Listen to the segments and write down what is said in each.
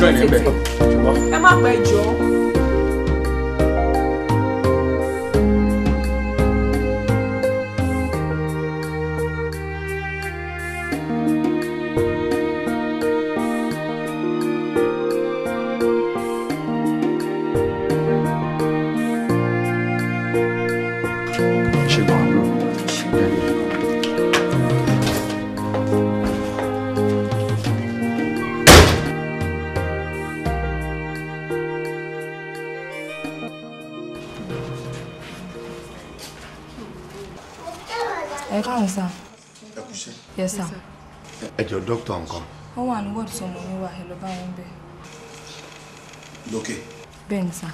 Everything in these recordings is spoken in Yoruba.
join ẹ bẹ́ẹ̀. ẹ má pẹ́ jọ. sọmọ yín wà ẹ lọ bá wọn bẹ̀. lókè. bẹ́ẹ̀ ni sá.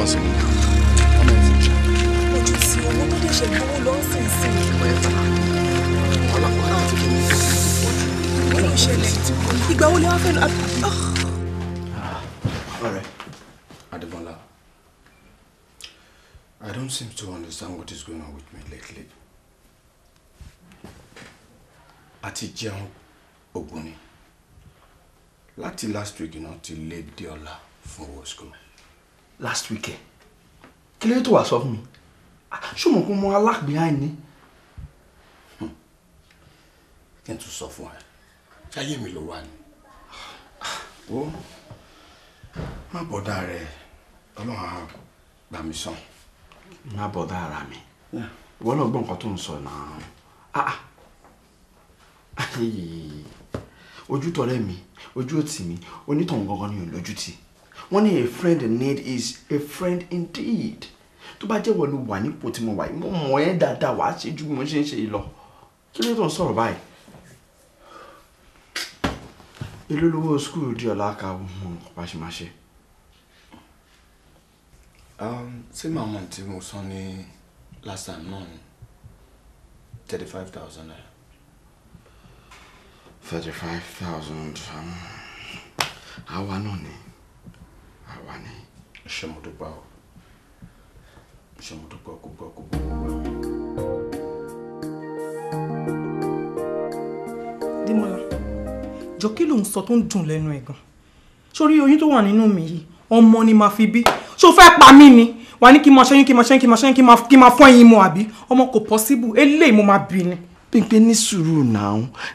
possible. ojú sí I don't seem to understand what is going on with me lately. Ati jẹun ògùn ni last week you know, lé dé ọ̀la for school last week ẹ̀ kí ló dé tó wàá sọ fún mi ṣùgbọ́n kó mọ behind ni. Hmm. kí n tún sọ fún ẹ ṣáyé mi ló wà ní. ó má bọ̀dá rẹ ọlọ́run á gbà mí sàn. má bọ̀dá ara mi ìwọ náà gbọ́ nǹkan tó ń sọ náà ah, ah. ojú tọrẹ mi ojú òtì mi onítọ̀hún gangan ni ò lójú tì í wọ́n ní a friend in need is a friend indeed tó bá jẹ́ wọ́n ló wà nípò tí mo wà yìí mo mọ̀ ẹ́ dáadáa wàá ṣe ju bí mo ṣe ń ṣe yìí lọ kí ló tó ń sọ̀rọ̀ báyìí. èló lówó skul di ọ̀la ká mo nǹkan bá ṣe máa ṣe. Um, ṣé màmá tí mo san ní last time náà ni thirty five thousand naira. thirty five thousand um, àwa náà ni àwa ni. ṣé mo dúpẹ́ o ṣé mo dúpẹ́ kó gbọ́ kó gbọ́ gbọ́. Dímọ́lá jọ kí ló ń sọ tó ń dùn lẹ́nu ẹ̀ sórí oyún tó wà nínú mi yìí ọmọ ni màá fi bí ṣó fẹ́ pa mí ni wà ní kí n máa ṣẹ́yìn kí n máa ṣẹ́yìn kí n máa ṣẹ́yìn kí n máa fọ́ ẹyin mu àbí ọmọ kò possible eléyìí mo máa bí ni. Bímpé ní sùúrù náà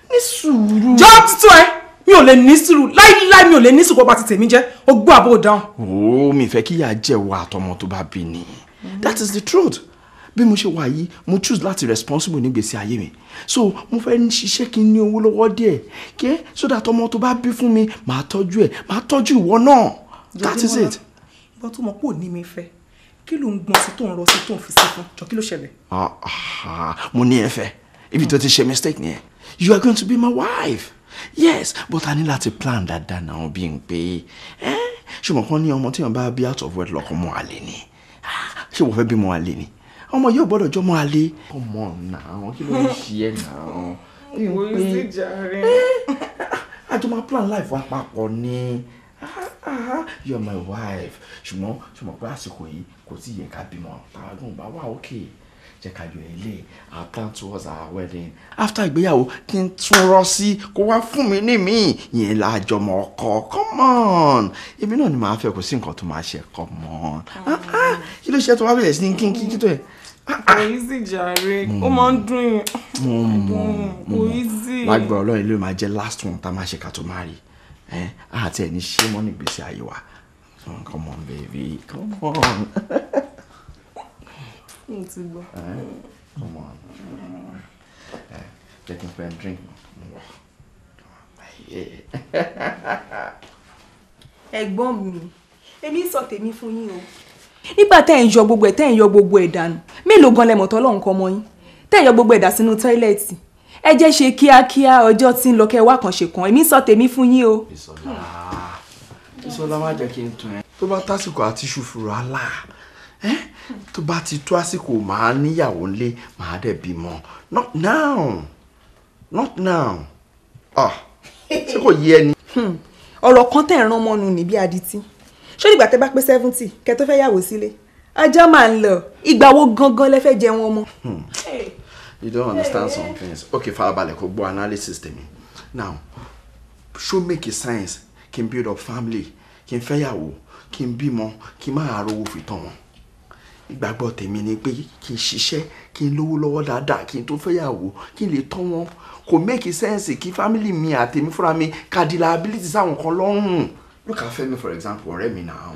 ní sùúrù. jọ́ọ́ tuntun ẹ mi ò lè ní sùúrù láíláí mi ò lè ní sùúrù bó bá ti tèmi jẹ́ ó gbọ́ àbó dáhùn. wo mi fẹ́ kíyà jẹ̀wọ́ àtọmọ tó bá bí ni that is the truth bí mo ṣe wà yìí mo choose láti responsible nígbèsè ayé mi so mo fẹ́ ṣiṣẹ́ kí n ní owó lọ́wọ́ díẹ̀ kí ẹ́ so that ọmọ tó bá bí fún mi màá tọ́jú ẹ̀ màá tọ́jú ìwọ náà that is it. ìbọn tó mọ pò ní mi fẹ́ kí ló ń gbọ́n sí tó ń rọ sí tó ń fi sí fún jọ kí ló ṣẹlẹ̀. Ah, ah, ah. mo ní ẹ fẹ́ ibi tó ti ṣe mistake nìyẹn you are going to be my wife yes but a ní láti plan dáadáa náà bí n pé ṣùgbọ́n kan ní ọmọ tí wọn bá bí out of wedlock ọmọ àlè ni ah, ṣé wọ́n fẹ́ bímọ àlè ni ọmọ yóò gbọ́dọ̀ jọmọ àlè. ọmọ náà kí ló ń ṣe ẹ náà. ìwé sí jàre. àjọ máa plan life wa papọ̀ ni ah, ah, you are my wife ṣùgbọ́n ṣùgbọ́n pé àsìkò yìí kò tí ì yẹ ká bímọ tààdùn bá wà ókè. Okay jẹ́ ká yọ ilé i plan towards our wedding after ìgbéyàwó kí n tún rọ sí kó wá fún mi ní mi yẹn lájọmọ ọkọ come on èmi náà ni màá fẹ́ kó sí nǹkan tó máa ṣe come on ah, ah. kí ló ṣe tó wá bẹ̀rẹ̀ sí ní kínkín kí tó yẹ. Ah, kò easy jàre ó máa ń dún yín mo mọ kò ọlọ́run ilé máa jẹ́ last one tá a máa ṣe ká tó máa rí àti ẹ̀ ṣé mọ́ nígbèsè ayé wa come on baby come on. n ti gbọ́. come on jẹ́ kí n fẹ́ drink mu. ẹ̀gbọ́n mi èmi sọ tèmi fún yín o nígbà tẹ́ ẹ̀ ń yọ gbogbo ẹ̀ tẹ́ ẹ̀ ń yọ gbogbo ẹ̀ dànù mélòó gan lẹ mọ̀tọ́ lọ́nkọ́ ọmọ yín tẹ́ ẹ̀ yọ gbogbo ẹ̀ dà sínú tọ́ílẹ̀tì ẹ jẹ́ ṣe kíákíá ọjọ́ tí ń lọ kẹ́ wá kàn ṣe kàn èmi sọ tèmi fún yín o. Ìṣọ̀lá Ìṣọ̀lá má jẹ́ kí n tún ẹ. tó bá tásìkò àti ṣùfùrù àlà ẹ́ tó bá ti tó àsìkò màá níyàwó ńlé màá dẹ̀ bímọ not now not now ah ṣé kò yé ẹni. Hmm. ọ̀rọ̀ kan tẹ̀ ràn mọ́nu ní bí adití ṣé ìgbà tẹ́ bá pé seventy kẹ́ tó fẹ́ yàwó sílé ajá máa ń lọ ìgbà wo gangan lẹ fẹ́ jẹun ọmọ. Hmm. you don't understand some things okay farabalẹ̀ kò gbọ́ analysis tèmi now show make a science kí n build up family kí n fẹ́yàwó kí n bímọ kí n má àrò owó fi tán wọn ìgbàgbọ́ tèmi ni pé kí n ṣiṣẹ́ kí n lówó lọ́wọ́ dáadáa kí n tó fẹ́yàwó kí n lè tọ́ wọn kò make sense kí family mi àtèmi fúnra mi ka di liability sáwọn kan lọ́rùn. look at Fẹ́mi for example ọ̀rẹ́ mi náà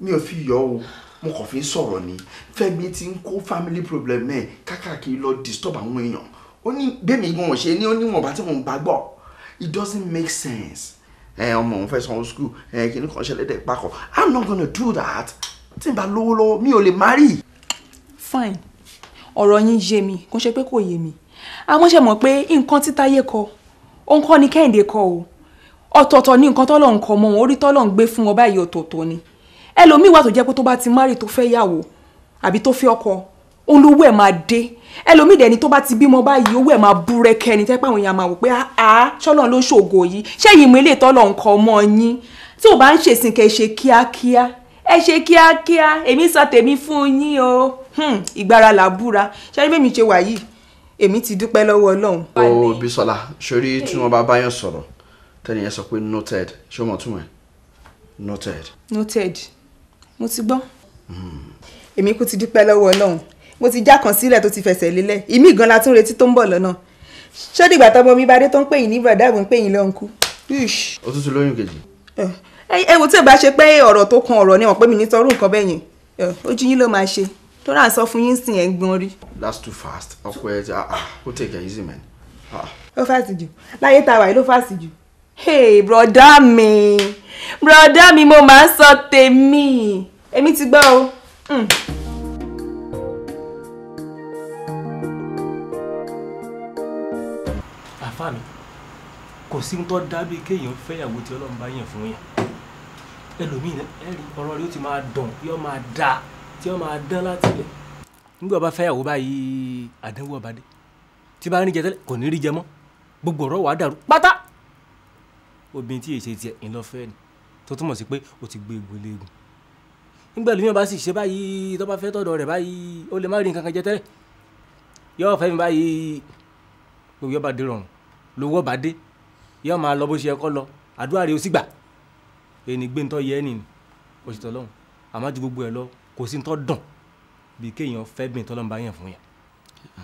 mi ò fi yọ o mo kàn fi ń sọ̀rọ̀ ni Fẹ́mi ti ń kó family problem ẹ̀ kákàkiri lọ disturb àwọn èèyàn ó ní bẹ́ẹ̀mi gan ọ̀ṣẹ́ ni ó níwọ̀nba tí mò bá gbọ́ it doesn't make sense ẹ ọmọ òun fẹ́ sanwó school ẹ kìnnìkan ṣẹlẹ̀ dẹ̀ pakọ̀ i'm not gonna do that tí n bá lówó lọ́wọ́ mi ò lè marry. fine ọ̀rọ̀ yín yé mi kò ṣe pé kò yé mi àmọ́ ṣe mọ̀ pé nǹkan tí kọ òun kọ́ ni Kẹ́hìndé kọ o ọ̀tọ̀ọ̀tọ̀ ni nǹkan tọ́lọ̀ ń kọ mọ́ wọn orí tọ́lọ̀ ń gbé fún wọn báyìí ọ̀tọ̀ọ̀tọ̀ ni ẹlòmíì wà tó jẹ́ pé tó bá ti marry tó fẹ́ yàwó àbí tó fẹ́ ọkọ olówó ẹ̀ máa dé ẹlòmíì dẹ̀ ni tó bá ti bímọ báyìí owó ẹ̀ máa búrẹ́kẹ́ ni tẹ́pẹ́ àwọn èèyàn máa wò pé àá ṣọ́lọ́n ló ṣògo yìí ṣé ìmọ̀ ilé ìtọ́lọ̀ nǹkan ọmọ yín tí ò bá ń ṣèsìn kẹ́ ṣe kíákíá ẹ ṣe kíákíá èmi sọ tèmi fún yín o hmm, ìgbára làbúra ṣáájú bẹ́ẹ̀ mi ṣe wà yìí èmi ti dúpẹ́ lọ́wọ́ ọlọ́run. o Bisola sori tí wọn bá báyọ̀ sọ̀rọ̀ tẹ́lẹ̀ yẹn sọ pé noted ṣé o mọ̀ túmọ̀ ẹ̀ noted. noted mo ti gbọ́ hmm. èmi kú ti dúpẹ́ lọ́wọ́ ọlọ́run mo ti já kan sílẹ̀ tó ti fẹsẹ̀ lélẹ̀ ìmí gan la tún retí tó ń bọ̀ lọ́nà ṣó dìgbà tọmọ mi bá dé tó ń pè yín ní bọ̀dá àgbọn pè yín lọ́nkú. o tún ti lóyún kejì ẹ wo tí ò bá ṣe pé ọ̀rọ̀ tó kan ọ̀rọ̀ ni wọ́n pé mi nítorí nǹkan bẹ́ẹ̀ yẹn ojú yín ló máa ṣe tó rà sọ fún yín sìn ẹ̀ ń gbọ́n rí. that's too fast ọkọ ẹ ti ah, ah ó take it easy man. Ah. ó fàṣì jù láyé tá a wà yìí ló fàṣì jù. hey broda mi broda mi mo máa ń sọ tèmi èmi ti gbọ́ o. Mm. àfààní kò sí ń tọ́ dá bí kéèyàn fẹ́yàwó tí ọlọ́run bá yàn fún yàn ẹlòmíì ẹrí ọ̀rọ̀ rẹ̀ ó ti máa dùn yóò máa dà tí yóò máa dán láti ilẹ̀ nígbà bá fẹ́ ìyàwó báyìí àdánwò ọba dé tí bá ń rí jẹ tẹ́lẹ̀ kò ní rí jẹ mọ́ gbogbo ọ̀rọ̀ wàá dàrú pátá obìnrin tí èyí ṣe tiẹ̀ ńlọfẹ́ ni tó túmọ̀ sí pé o ti gbé egbò léegun nígbà lóyún ọba sì ṣe báyìí tó bá fẹ́ tọ̀dọ̀ rẹ̀ báyìí ó lè má rí nǹkan kan jẹ tẹ́lẹ̀ yóò fẹ́ mi báyìí gbogbo yọba dé rọrùn lówó ọba dé yóò máa lọ bó ṣe yẹ lọ àdúrà rẹ̀ ó sì gbà ẹni gbé ntọ́ yẹ ẹni òṣìṣẹ́ ọlọ́run àmọ́ ju gbogbo ẹ̀ lọ kò sí ntọ́ dàn bí kéèyàn fẹ́ bí ntọ́ lọ́nba yẹn fún yẹn.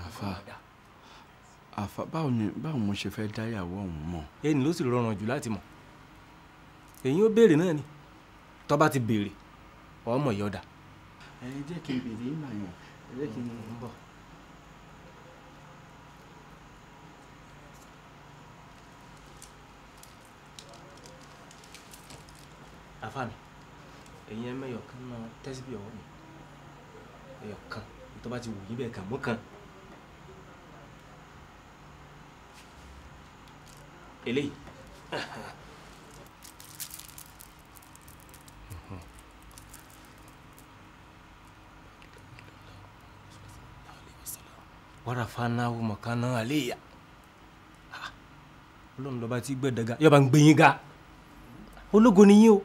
àfa àfa báwo ni báwo mo ṣe fẹ́ dá ìyàwó ọ̀hún mọ̀. ẹni ló sì rọrùn jù láti mọ̀ èyí ó béèrè náà ni tó bá ti béèrè ọmọ yọ̀ọ̀dà. ẹ jẹ́ kí n béèrè ìmọ̀ yẹn ẹ jẹ́ kí n bọ̀. àfa mi ẹ̀yin ẹ mẹ́yọ̀ kan náà tẹ́síbí ọwọ́ mi ẹ̀yọ̀ kan tó bá ti wù yín bẹ́ẹ̀ kàn mú kan. eléyìí. warafanawo makana aleya ọlọ́run lọ́ba tí gbẹ̀dẹ̀ga yọba ń gbẹ̀yìn ga ológo ni yín o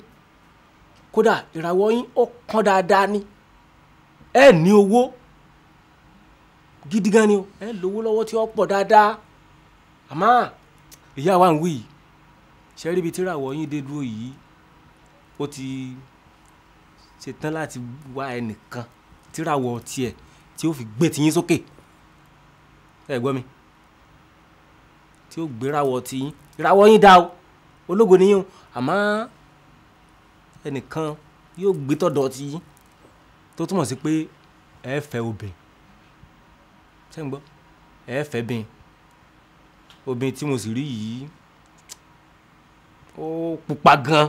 kódà ìràwọ̀ yín ó kán dáadáa ni ẹ ní owó gidi gan ni o ẹ lówó lọ́wọ́ tí ó pọ̀ dáadáa àmọ́ ìyá wa ń wí yìí ṣe rí ibi tí ìràwọ̀ yín dé dúró yìí ó ti ṣetán láti wá ẹnìkan tí ìràwọ̀ tiẹ̀ tí ó fi gbé tiyín sókè ẹ gbọ́ mi tí ó gbérawọ̀ tiyín ìràwọ̀ yín dá o ológo niyín o àmọ́ ẹnìkan yóò gbé tọ̀dọ̀ ti yín tó túmọ̀ sí pé ẹ fẹ́ obìnrin ṣé ń gbọ́ ẹ fẹ́ bìn obìnrin tí mo sì rí yìí ó pupa gan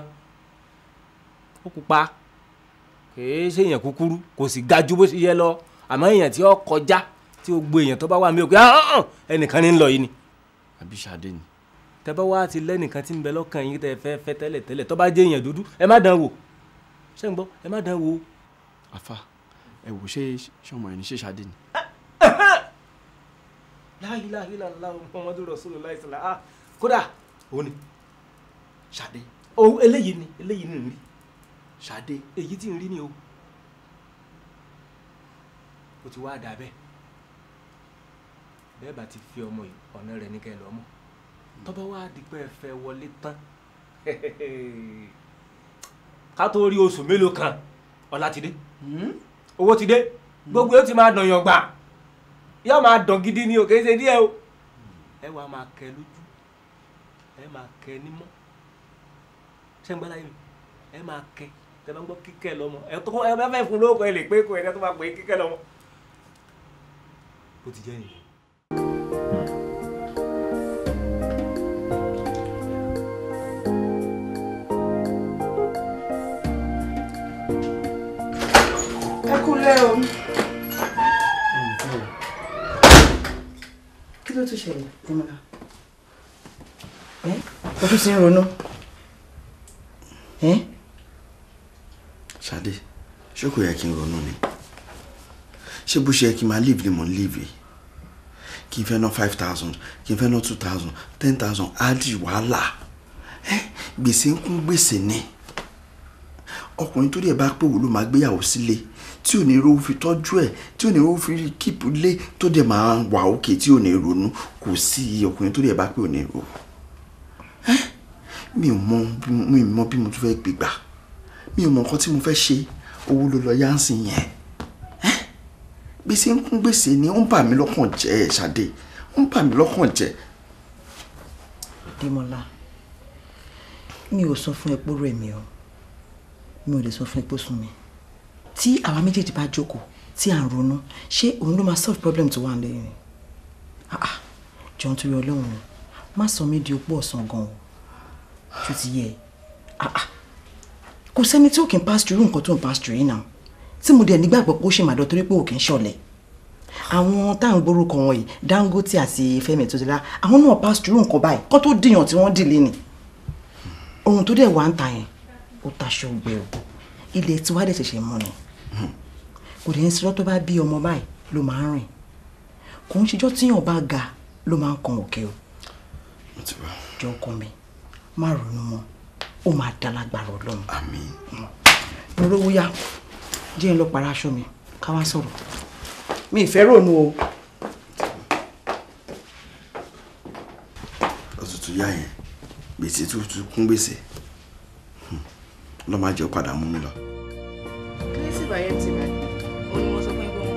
ó pupa kìí ṣe èèyàn kúkúrú kò sì ga ju bó ṣe yẹ lọ àmọ́ èèyàn tí ó kọjá tí ó gbé èèyàn tó bá wà mí ò pé ẹnìkan ní ń lọ yìí ni àbí ṣadé ni tẹ́ bá wá ti lẹ́nìkan tí ń bẹ lọ́kàn yín tẹ́ fẹ́ fẹ́ tẹ́lẹ̀ tẹ́lẹ̀ tó bá jẹ́ èèyàn dúdú ẹ má dán wò ṣé ń gbọ́ ẹ má dán wò. àfa ẹ wò ṣé ṣọmọ ẹni ṣe ṣáde ni. láhìláhìláhìlá muhammadu rasulullah isla ah kódà òun ni ṣáde òun eléyìí ni eléyìí ni rí ṣáde èyí tí ń rí ni o o ti wá dà bẹ́ẹ̀ bẹ́ẹ̀ bá ti fi ọmọ yìí ọ̀nà rẹ̀ ní kẹ́ ẹ tó bá wá di pé ẹ fẹ́ wọlé tán ká tó rí oṣù mélòó kan ọlá ti dé hmm? owó ti dé hmm. gbogbo yóò ti máa dàn yàn gbà yóò máa dàn gidi ni o kì í ṣe díẹ̀ o ẹ wàá máa kẹ lójú ẹ máa kẹ nímọ́ sẹ́ńgbálá yìí ẹ máa kẹ tẹ́lẹ̀ ń gbọ́ kíkẹ́ lọ́mọ ẹ tó ẹ bá fẹ́ fún lóko ẹ lè pé kó ẹ tó máa pè é kíkẹ́ lọ́mọ. ó ti jẹ́ nìyẹn. ṣẹlẹ̀ Dẹ́mọ́lá o tún ti ń ronú. Ṣadé ṣé kò yẹ kí n ronú ni ṣé bó ṣe yẹ kí n máa leave ni mò ń leave yìí kí n fẹ́ ná five thousand kí n fẹ́ ná two thousand ten thousand á di wàhálà gbèsè ń kún gbèsè ni ọkùnrin tó dẹ̀ bá pé wò ló máa gbéyàwó sílé. Si tí ò ní rówó fi tọ́jú ẹ̀ tí ò ní rówó fi kíìpù lé tó dẹ̀ máa wà òkè tí ò ní ronú kò sí ọkùnrin tó dẹ̀ bá pé ò ní ro mi ò mọ mi ò mọ bí mo tún fẹ́ gbégbà mi ò mọ nǹkan tí mo fẹ́ ṣe owó ló lọ yánsìn yẹn gbèsè ń kún gbèsè ni ó ń bà mí lọ́kàn jẹ́ ṣàdé ó ń bà mí lọ́kàn jẹ́. Dèmọ́lá mi ò sọ fún ẹ pé ó rẹ̀ o mi ò lè sọ fún ẹ pé mi tí àwa méjèèjì bá jókòó tí à ń ronú ṣé òun ló máa solve problem tó wà lẹ́yìn ah jọ̀ọ́ torí ọlọ́run o má sọ mí di opó ọ̀sán gan o ṣó ti yẹ ah kò sẹ́ni tí ò kí n pass through nǹkan tó ń pass through yìí náà tí mo dẹ̀ nígbàgbọ́ pé ó ṣe màdọ́ torí pé ò kí n ṣọ̀lẹ̀ àwọn tá à ń gbórúkọ wọn yìí Dangote àti Fẹ́mi Totola àwọn náà pass through nǹkan báyìí kó tó dìyàn tí wọ́n dì lé ni ohun tó dẹ̀ wá ń ta yẹn ó taṣọ gbẹ o ilẹ̀ tí dẹ̀ ṣẹ̀ṣẹ̀ mọ́ ni kò dẹ̀ ń sọ tó bá bí ọmọ báyìí ló máa ń rìn kò ń ṣíjọ́ tíyàn bá ga ló máa ń kan òkè o jọ ọkọ mi má ronú mọ́ ó máa dá lágbára Ọlọ́run àmín lóró wúyà jẹ́ ń lọ para aṣọ mi ká wá sọ̀rọ̀ mi ì fẹ́ ronú o. òtútù yá yẹn gbèsè tuntun kún gbèsè lọ́ọ́ máa jẹ́ padà mú mi lọ sì bàyẹ̀ ti bẹ̀ òun ni mo sọ fún ẹgbẹ́ kó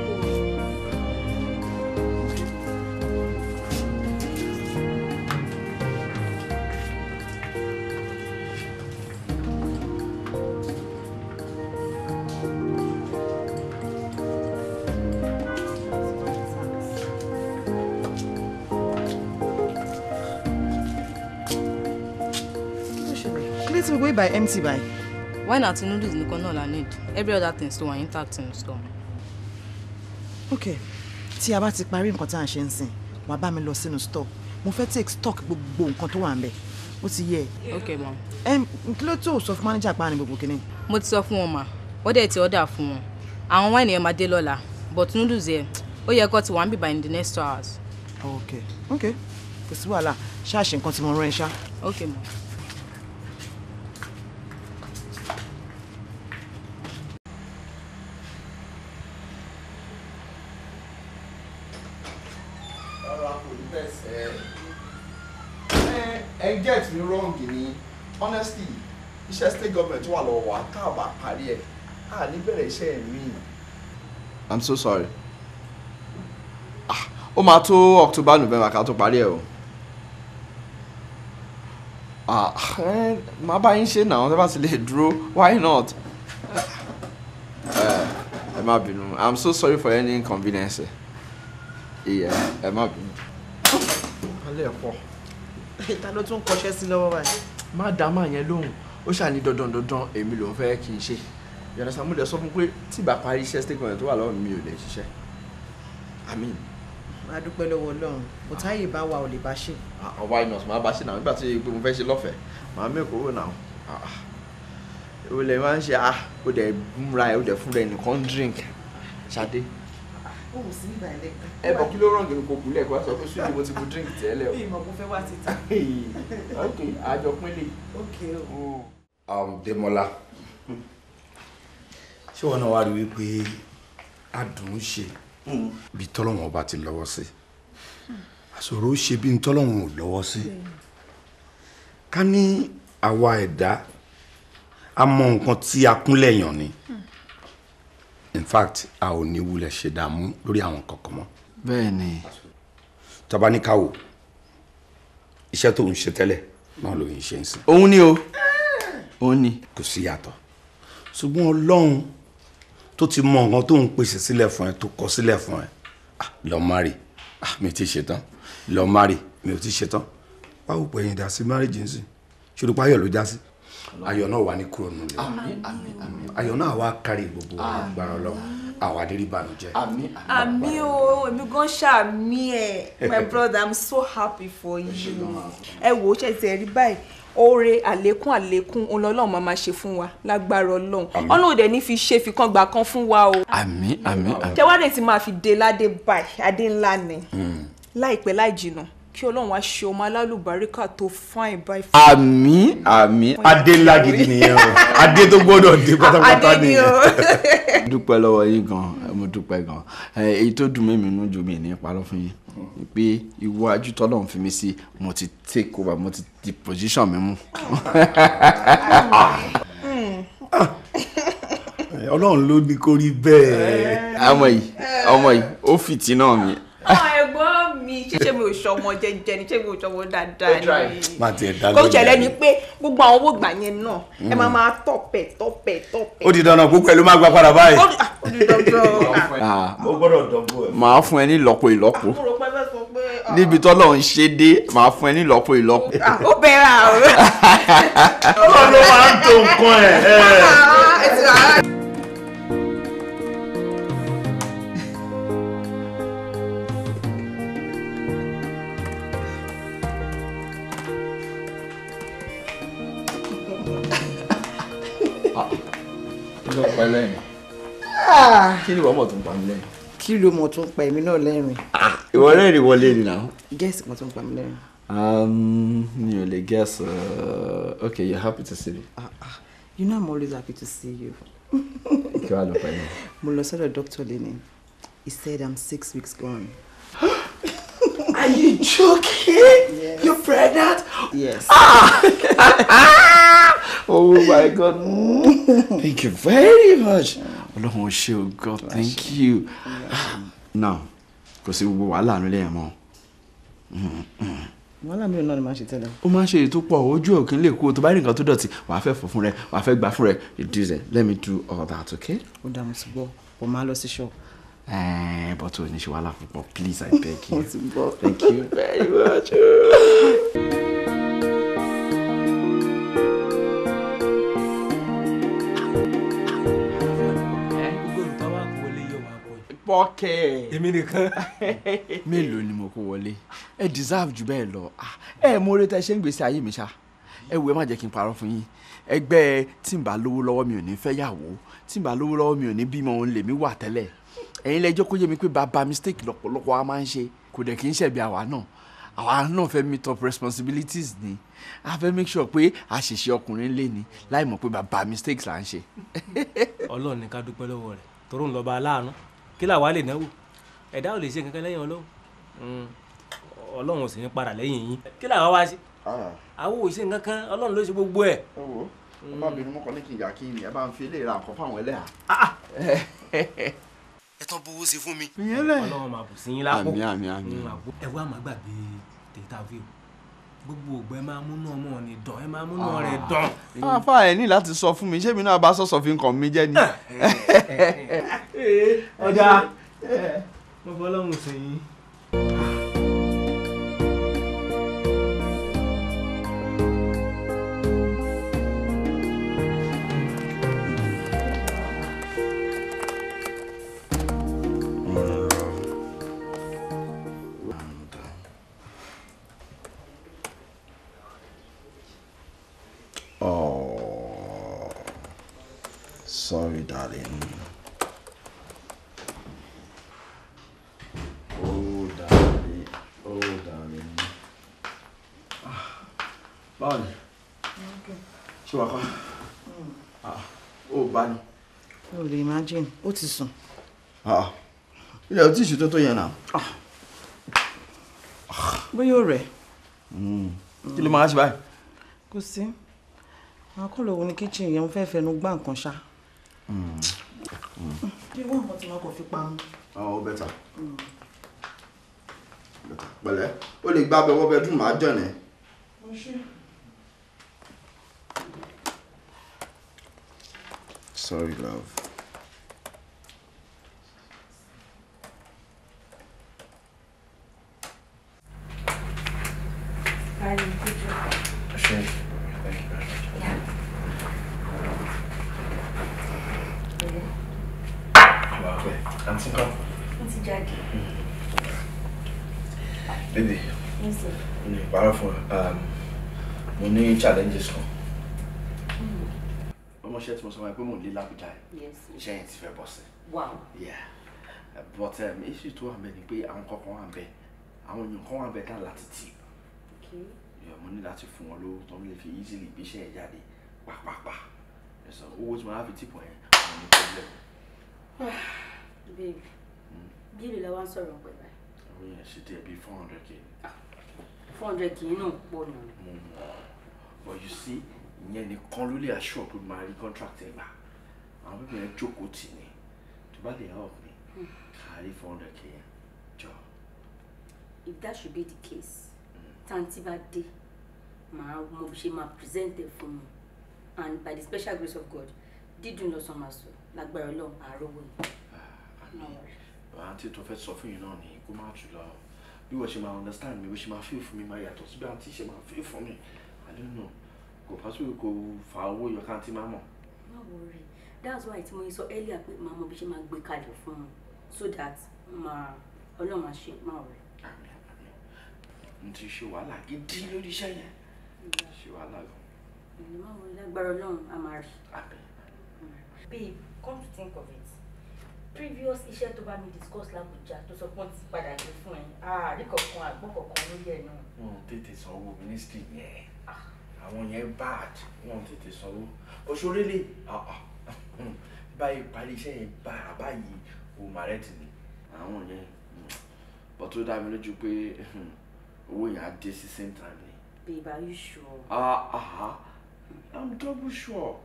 by empty by wine àti noodles nìkan náà la need every other thing tó wà intact in store. ok tí a bá ti parí nǹkan tá à ń ṣe ń sìn wàá bá mi lọ sínú store mo fẹ́ take stock gbogbo nǹkan tó wà ń bẹ̀ ó ti yẹ. ok ma. ẹm kí ló tó sọ fún manager pa ni gbogbo kìíní. mo ti sọ fún wọn mà wọ́n dẹ̀ ti order fún wọn àwọn wáìnì yẹn máa dé lọ́la but noodles yẹn ó yẹ kó ti wà ń bì by in the next two hours. ok ok kò sí wàhálà ṣáà ṣe nǹkan tí mo rán ẹ ṣá. ok ma. honestly iṣẹ́ state government wà lọ́wọ́ wa tá a bá parí ẹ̀ a ní bẹ̀rẹ̀ iṣẹ́ mi. i'm so sorry ah, ó máa tó october november ká tó parí ẹ̀ o ah, màá bá yín ṣe náà wọn tẹ́ bá ti lè dúró why not eh, ẹ má bínú i'm so sorry for any inconvenience ẹ má bínú. alẹ́ ẹ̀kọ́ ìta ló tún kọṣẹ́ sí lọ́wọ́ báyìí má dá má yẹn lóhùn ó ṣàní dandan dandan èmi lòún fẹ́ kí n ṣe yọ̀nà sàmúlẹ̀ sọ fún pé tí ìbá parí iṣẹ́ statement tó wà lọ́wọ́ mi ò lè ṣiṣẹ́ àmín. a dúpẹ́ lọ́wọ́ ọlọ́run kò ah. táyè bá wa ò lè bá ṣe. Ah, oh, why not màá bá ṣe náà nígbà tí pé mo fẹ́ ṣe lọ́fẹ̀ẹ́ màá mẹ́ kúrò náà ah, o lè máa ń ṣe ah o dẹ̀ múra ẹ o dẹ̀ fúnra ẹ nìkan drink ṣadé ó wù sí ìgbà ẹlẹ́kan. ẹ bọ kí ló rán gèrè kò kúlẹ̀ sọ pé sùúrù mo ti bu drink tẹ́lẹ̀ o. bí ìmọ̀ kò fẹ́ wá títà. ok àjọ pínlẹ̀. ok o. Ah, um, Demola ṣé wọn náà wá rí wípé adùn ń ṣe bí tọ́lọ́wọ̀n ọba ti lọ́wọ́ sí àṣòro ṣe bí tọ́lọ́wọ̀n ò lọ́wọ́ sí ká ní àwa ẹ̀dá a mọ nǹkan tí a kúnlẹ̀ yàn ni. Mm in fact a ò ní wulẹ̀ ṣe dààmú lórí àwọn kankan mọ́. bẹ́ẹ̀ ni. tọ́ba ní ká wò iṣẹ́ tó ń ṣe tẹ́lẹ̀ náà ló ń ṣe ń sìn. òun ni o òun ni. kò sí yàtọ̀ ṣùgbọ́n ọlọ́run tó ti mọ nǹkan tó ń pèsè sílẹ̀ fún ẹ tó kọ sílẹ̀ fún ẹ ah, lọ má ah, mi ti ṣetán lọ má mi ò ti ṣetán báwo pẹ̀yìn dá sí márìjì ń sìn ṣòro ló dá sí ayọ̀ náà wà ní kúrò nù lé ayọ̀ náà wà kárí gbogbo agbára ọlọ́run àwa dé rí àmì o èmi gan ṣàmì ẹ my brother i'm so happy for you ẹ wò ó ṣe ti ẹ rí báyìí oore àlékún àlékún ọlọ́run máa máa ṣe fún wa lágbára ọlọ́run ọlọ́run òde ní fi ṣe fi kan gbà kan fún wa o. àmín àmín àmín. tẹwádìí ti máa fi dé ládé báyìí adé ńlá ni hmm. láìpẹ́ láì jìnnà kí ọlọ́run wá ṣe ọmọ alálùbáríkà tó fine by fine. àmín àmín adé ńlá nìyẹn o adé tó gbọ́dọ̀ dé pátápátá nìyẹn. mo dúpẹ́ lọ́wọ́ yín gan mo dúpẹ́ gan-an èyí tó dùn mí nínú ju mi ní parọ́ fún yín pé iwájú tọ́lọ̀ ń fi mí sí mo ti take over mo ti di position mi mú. ọlọ́run ló ní kó bẹ́ẹ̀. ọmọ yìí ọmọ yìí ó fìtí náà mi jí ṣé mi ò ṣọmọ jẹjẹ ni ṣé mi ò ṣọmọ dáadáa ni kò ṣẹlẹ̀ ni pé gbogbo àwọn owó gbà yẹn náà ẹ máa mm. máa tọ̀pẹ̀ tọ̀pẹ̀ tọ̀pẹ̀. ó di dandan púpọ̀ ló máa gba padà báyìí. ó di ah, dandan. ó ah. gbọ́dọ̀ dọ̀bọ̀ ẹ̀. màá fún ẹ ní ìlọ́po ìlọ́po ah. níbi tọ́lọ̀ ń ṣe dé màá fún ẹ ní ìlọ́po ìlọ́po. ó bẹ̀rẹ̀ àwọn. ó lọ máa ń to nǹkan ẹ̀. ẹ lẹ́yìn. Ah. kí ni ìwọ mọ̀ tó ń pa mí lẹ́yìn. kí ló mọ̀ tó ń pa èmi náà lẹ́yìn. Ah, ìwọ lẹ́yìn wọlé ni náà. gẹ́sì kan tó pa mí lẹ́yìn. Um, mi ò lè guess uh, okay you are happy to see me. Uh, you know I'm always happy to see you. kí wàá lọ pa yín. mo lọ sọ́dọ̀ doctor lẹ́ni he said I'm six weeks gone. Are you joking? Yes. Your brother? Yes. Ah! oh my God. Mm. Thank you very much. Ọlọ́run ò God thank you. Now, kò sí gbogbo wàhálà nílé ẹ̀ mọ́. Mm-hmm. Wàhálà mi ò náà ni màá ṣe tẹ́lẹ̀. Ó máa ń ṣe ètò pọ̀ ojú ò kí n lè kú tó bá rí nǹkan tó dọ̀tí wàá fẹ́ fọ̀ fún rẹ wàá fẹ́ gbà fún rẹ reduce it let me do all that okay. Ó dààmú sí gbọ́, ó máa lọ sí ṣọ́ọ̀bù. Eh, but when you wala football, please, I beg you. Thank you very much. pocket. èmi nìkan mélòó ni mo kó wọlé ẹ deserve jù bẹ́ẹ̀ lọ ah, ẹ mọ orí tẹ ṣe ń gbèsè ayé mi ṣá ẹ wo ẹ má jẹ́ kí n parọ́ fún yín ẹgbẹ́ tí n bá lówó lọ́wọ́ mi ò ní fẹ́ yàwó tí n bá lówó lọ́wọ́ mi ò ní bímọ òun lèmi wà tẹ́lẹ̀ ẹ̀yin lẹ́jọ́ kó yé mi pé bàbá mistake lọ́pọ̀lọpọ̀ wa máa ń ṣe kò dẹ̀ kí n ṣẹ̀bi àwa náà àwa náà fẹ́ meet up responsibilities ni a fẹ́ make sure pé àṣìṣe ọkùnrin lé ni láì mọ̀ pé bàbá mistakes là ń ṣe. Ọlọ́run ni ká dúpẹ́ lọ́wọ́ rẹ̀ torún lọ́ba aláàánú kí làwa lè náwó ẹ̀dá ò lè ṣe kankan lẹ́yìn ọlọ́run hmm. ọlọ́run ò sì ní padà lẹ́yìn yín kí làwa wá sí ah. àwọn ò ṣe kankan ọlọ́run ló ṣe gbogbo ẹ̀. bàbá mi mọ́kàn ní kí n yà kí n yà bá ń fi eléyìí ra nǹkan fáwọn ẹlẹ́yà. Ah, ah. ẹ tán bó ṣe fún mi. ọlọ́run máa bù sí yín lápò ẹ wá má gbàgbé tètè àfihàn gbogbo ògbọ ẹ máa múnú ọmọ ni dán ẹ máa múnú ah. rẹ dán. afa ẹ ní láti sọ fún mi ṣé mi náà bá sọ̀sọ̀ fi nǹkan mi jẹ́ ni. Eh, eh, eh, ọjà mo fọlọ́run sìn ti sùn. Ah, ilẹ̀ ò tí ì ṣètò tó yẹn náà. Ah. bóyá ó rẹ̀. Hmm. kí ló máa ṣe báyìí. kò sí àwọn kọ́ ló wo ní kíchìn yẹn mo fẹ́ fẹnu gbá nǹkan ṣá. Hmm. kí wọ́n nǹkan tí wọ́n kò fi pa mọ́. ọ̀ bẹ́tà pẹ̀lẹ́ o lè gbá abẹ́wọ́ bẹ́ẹ̀ dùn máa jọ̀ ní. Sorry, love. find in the future. Sure. Thank you very much. Yeah. Wow, Baby. Mm. Yes, sir. Para mm, um We need challenges kan. Mm. Ọmọ ṣe tí mo sọ fún ẹ pé mò ń lé lábújá ẹ̀. Iṣẹ́ yẹn ti fẹ́ bọ̀ sí. Wow. Yeah. But um, if you wà ń bẹ ni pé àwọn kankan wà ń bẹ. Àwọn èèyàn kan wà ń bẹ dá láti mo ní láti fún wọn lówó tó ń lè fi easily gbéṣẹ́ ẹ̀ jáde pàpàpà ẹ̀sán owó tí mo bá fi tìpọ̀ yẹn mo ní problem. babe bílì la wá ń sọ̀rọ̀ pẹ̀lú ẹ̀. owó yẹn ṣe díẹ̀ bíi four hundred k. Ah, four hundred k náà pọ̀ nù. mo mọ̀ but you see ìyẹn nìkan ló lè aṣọ pé màá rí contract ẹ̀ gbà àwọn bíbí yẹn jókòó tì ní tó bá lè help me hmm. kárí four hundred k yẹn jọ. if that should be the case tanti bá dé màá mo ṣe máa present it fún mi and by the special grace of God dídùn lọ́sàn máa sọ lágbára ọlọ́run àárọ̀ wọ̀ yìí. àǹtí tó fẹ́ sọ fún yín náà ni kó má jù lọ bí wọ́n ṣe máa understand mi bí ṣe máa feel fún mi máa yàtọ̀ sí bí àǹtí ṣe máa feel fún mi I don't know kò pàṣẹ kò fà owó yọ káàntì máa mọ̀. No worry that's why tí mo sọ earlier pé màá mọ bí ṣe máa gbé kalẹ̀ fún un so that máa ọlọ́run á ṣe máa rẹ̀ n ti ṣe wàhálà gidi lórí iṣẹ́ yẹn ṣe wàhálà gan. èmi máa wọlé agbára Ọlọ́run a máa rí. babe come to think of it previous iṣẹ́ tó bá mi discuss l'Abuja tó sọ pé wọ́n ti padà dé fún ẹ àárí kọ̀ọ̀kan àgbọ̀ kọ̀ọ̀kan lórí ẹ̀ náà. wọn ò tètè sanwó ministry yẹn ah. àwọn yẹn bad wọn ò tètè sanwó òṣèré lè ah, ah. báyìí parí iṣẹ́ yẹn bá a báyìí ni àwọn yẹn bọ́tú dá mi lójú pé owó yẹn á dé sí ni. babe are you sure. ah ah i'm double sure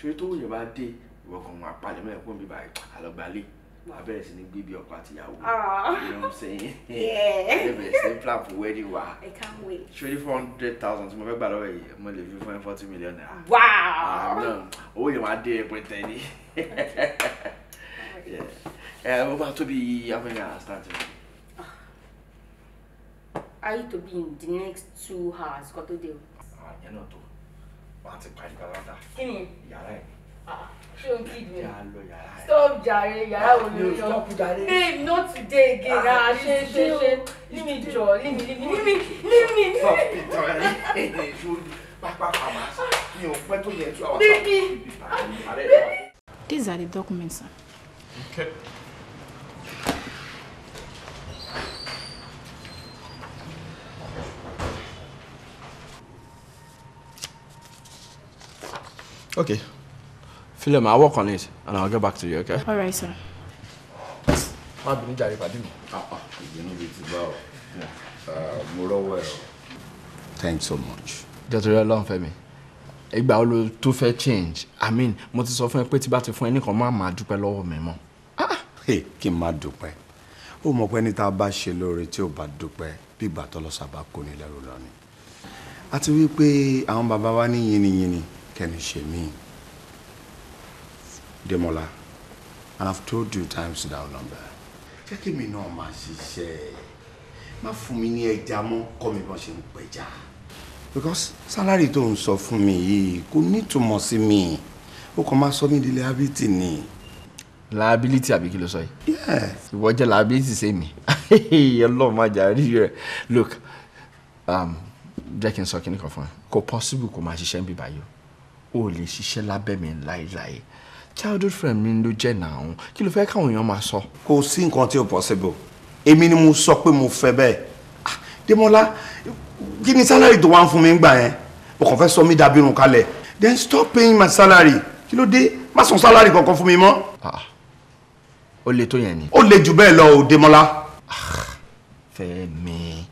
ṣòro tó owó yẹn bá dé ìwọ kan wọn apalẹ mẹ́rin kó mi bá àlọgbálẹ abẹ́rẹ́ sí ní gbígbé ọkọ àtìyàwó ah. you know what i'm saying ẹbẹ̀ ṣe ń plan for wedding wa i can't wait ṣòro four hundred thousand tí mo fẹ́ gbà lọ́wọ́ yìí mo lè fi fún forty million naira wow ah, owó yẹn máa dé ẹpẹtẹ ni ẹ mo eh, máa tóbi amẹ́rin àstáǹtì mi ayé to be in the next two hours kó tó dé o. àyẹ̀ ah, náà tó wàá ti parí balada. kí ni. yàrá ẹ̀ ah, ṣé o kí ni. yàrá lọ yàrá stop jàre yàrá wo ló yọ. stop jàre. babe not today again ah, ah ṣe ṣe ṣe lími jọ lími lími lími lími. stop ìtọ́ ẹ̀ ẹ̀ pápá pàmò mi ò pẹ́ tó yẹ two hours. baby baby. these are the documents. okay. Okay. Philem, I'll work on it and I'll get back to you, okay? All right, sir. Má bínú jàre pàdé mi. Ah, ah. Ìbínú bíi ti bá ọ. Ah, mo rọ́wọ́ ẹ̀ o. Thanks so much. Jọ́tọ̀rẹ́ Ọlọ́run fẹ́ mi. Ìgbà wo lo tó fẹ́ change? I mean, mo ti sọ fún ẹ pé tí bá ti fún ẹ nìkan má máa dúpẹ́ lọ́wọ́ mi mọ́. Kí n má dúpẹ́. Ó mọ̀ pé ní tá a bá ṣe lóore tí ò bá dúpẹ́ bí ìgbà tọ́lọ́sà bá kó ni lẹ́rù lọ ni. Àti wípé àwọn bàbá wa ní yiniyini. Kenny Shemi, Demola, and I've told you times now number. Jẹ́ kí mi náà máa ṣiṣẹ́. Má fún mi ní ẹja mọ́ kọ́ mi bọ́n ṣe ń pẹja. Because salary tó ń sọ fún mi yìí kò nítumọ̀ sí mi. Ó kàn máa sọ mí di liability ni. Liability àbí kí ló sọ yìí? Ìwọ jẹ́ liability sí mi. Ọlọ́run má jà rí rẹ̀. Look, um, kí n sọ kíní kan fún ẹ. possible kò máa ṣiṣẹ́ ń bì báyìí o ò lè ṣiṣẹ́ lábẹ́ mi láéláé childhood friend mi ló jẹ́ náà òun kí ló fẹ́ káwọn èèyàn máa sọ. kò sí nǹkan tí ò possible èmi ni mo sọ pé mo fẹ́ bẹ́ẹ̀ ah, Démọ́lá kí ni salary tó wá ń fún mi gbà yẹn o kàn fẹ́ sọ mí dàbí irun kalẹ̀ then stop paying my salary kí ló dé má san salary kankan fún mi mọ́. Ah, ó le tó yẹn ni. ó le jù bẹ́ẹ̀ lọ o Démọ́lá. Ah, Fẹ́mi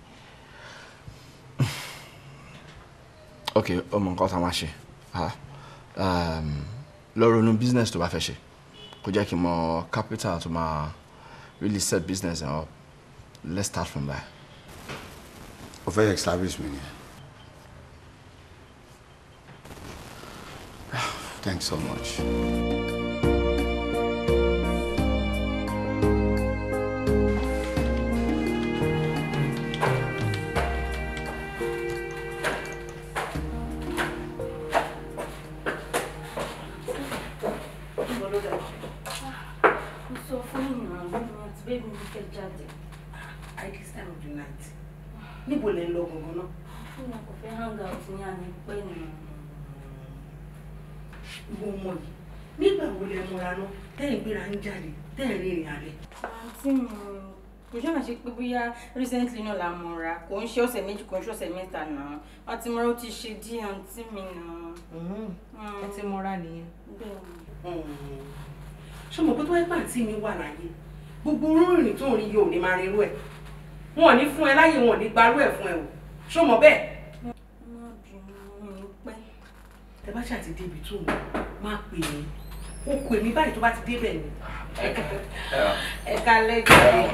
ok ọmọ nǹkan tá a máa ṣe. Um, lọ ronú business tó bá fẹ́ ṣe kó jẹ́ kí n mọ capital tó máa really set business up let's start from there. o fẹ́ establish mi nìyẹn. Thanks so much. níbo lẹ ń lọ gbọ̀ngàn náà. fún wọn kò fẹ́ hang out ní àná pẹ́ ni. ìwọ ọmọ yìí nígbà wo lẹ múra náà tẹ́yìn gbéra ń jáde tẹ́yìn rìnrìn àlẹ́. àǹtí mi kò ṣe máa ṣe pé bóyá recently náà la múra kò ń ṣe ọ̀sẹ̀ méjì kò ń ṣe ọ̀sẹ̀ mẹ́ta náà wọ́n ti múra ó ti ṣe dí àǹtí mi náà. Mm-hmm. Mm. ẹ ti múra nìyẹn. Mm. ṣé mo pé tó wáyé pàǹtí mi wà láyé gbogbo orúnrìn tó ń rí yóò ní máa rí irú ẹ̀ wọn ò ní fún ẹ láyè wọn ò ní gbarú ẹ fún ẹ o ṣó mọ bẹ́ẹ̀. ẹ bá ṣáà ti débi tó mọ máa pè é o pè mí báyìí tó bá ti débẹ̀ ni. ẹ ká lẹ́gbẹ̀ẹ́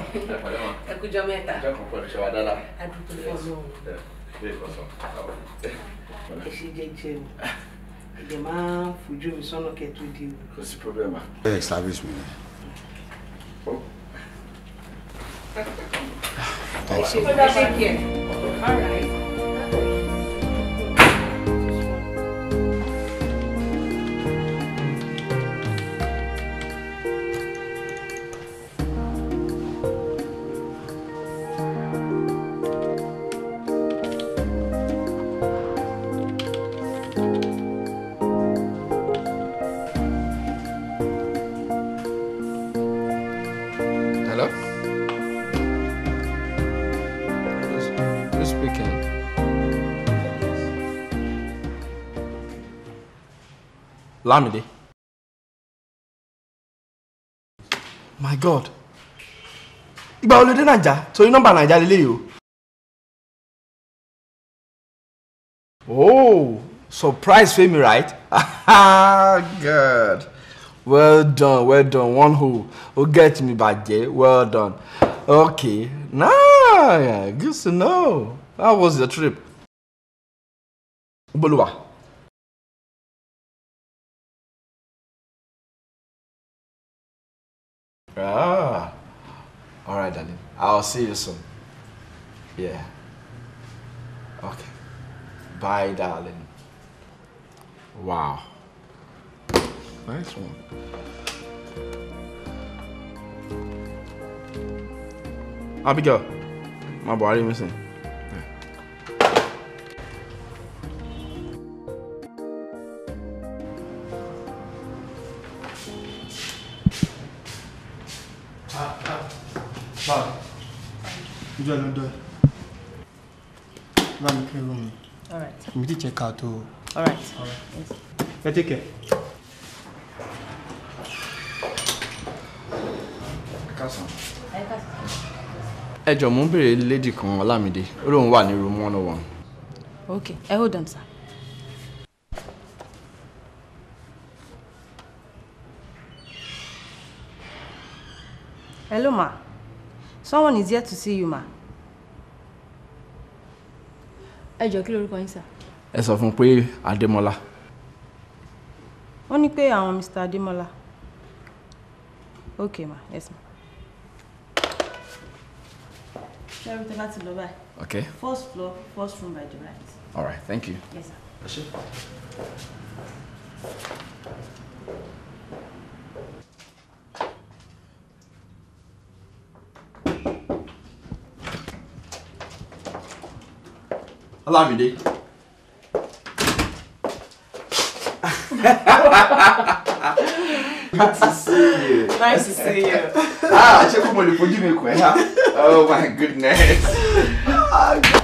ẹ kújọ mẹ́ta. ìjọ kan pẹ̀lú ṣe wa dára. adúgbò fún ọlọ́run. ẹ ṣe jẹ́jẹ́ o ẹ máa ń fojú mi sọ́nà kẹ́ di o. kò sí pọ́blẹ́mà. ẹ ẹ sáfíìsì mi ni. Oh. Thanks you. All right. Lámìdé. My God. Ìgbà wo ló so you Torí nọ́mbà Nàìjà lélẹ́yìí o. Oh, surprise for me, right? Good. Well done, well done. One who O get mi bàjẹ́. Well done. Okay. Nah, good to know. How was your trip? Boluwa. Ah. All right, darling. I'll see you soon. Yeah. Okay. Bye, darling. Wow. Nice one. Abigail, my body missing. jọ lọ́dọ̀ ẹ̀ bá mi kí ẹrù mi mi ti check out o. ẹ take care. ẹ jọ̀ọ́ mo ń béèrè lady kan Ọlámídé ó lóun wà ní room one oh one. ok ẹ hold on sir. hello ma someone is here to see you ma ẹ jọ kí lorúkọ yín sà. ẹ sọ fún un pé adémọlá. wọ́n ní pé àwọn mr adémọlá ok ma yes ma. ṣẹ́rí tó láti lọ báyìí. ok first floor first room by the right. all right thank you. yes sir. ẹ ṣé. I love you, D. Nice to see you. Nice to see you. ah, check out my Oh my goodness. Oh,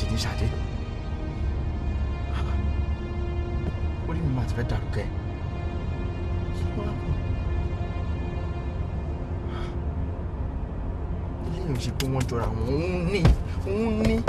jìnnì ṣàdé orí mi máa ti fẹ́ dàrú kẹ́ kí ló wá pọ̀ ilé ìrìnsì pé wọ́n jọra wọn òun ní òun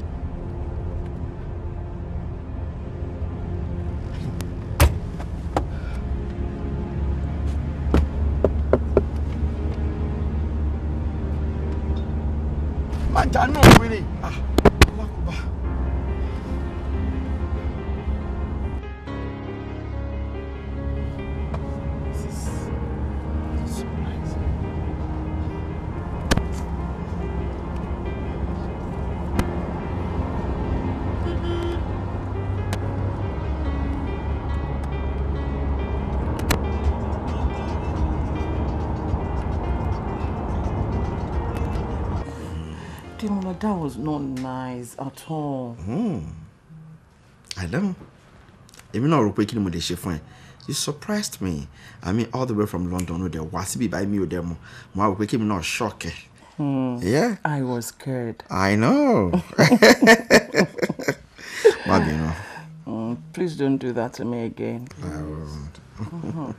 Mama, that was not nice at all. I know. Even náà rò pé kí ni mo You surprised me. I mean all the way from London ó dẹ̀ wá by me. mi ò dẹ̀ mọ̀. Mo á rò hmm. Yeah. I was scared. I know. Má bínú. Hmm, please don't do that to me again. I won't. Mm-hmm.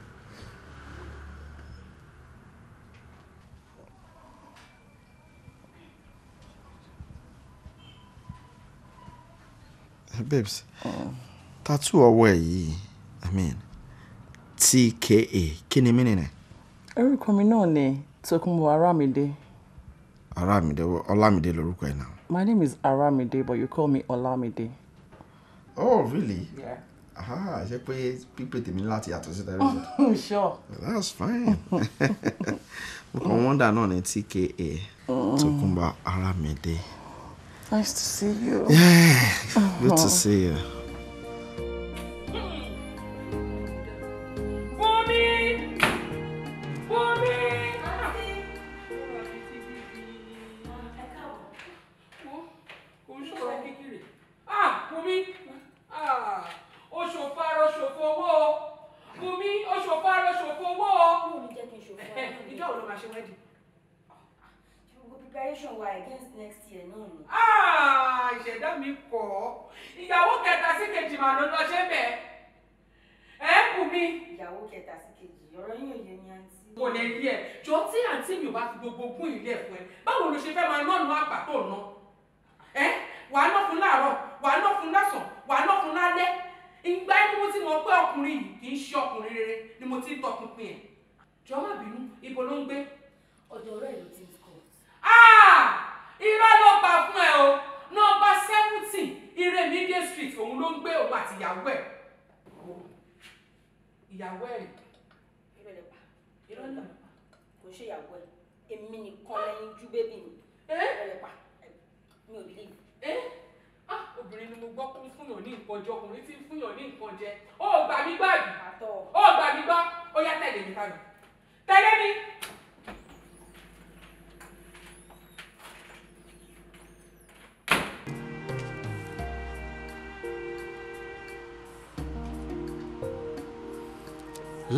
babes tattoo ọwọ́ ẹ̀ yìí i mean tka kí ni mínì rẹ̀. orúkọ mi náà ni Tokunbo Aramide. Aramide Olamide lorúkọ ẹ̀ náà. my name is Aramide but you call me Olamide. oh really. Yeah. Aha, ṣe pé pípé tèmi láti yàtọ̀ sí tẹ́lẹ̀ rẹ̀. Sure. That's fine. Mo kàn wọ́ndà náà ní TKA mm. Tokunbo Aramide. Nice to see you. Yeah. Good to uh-huh. see you.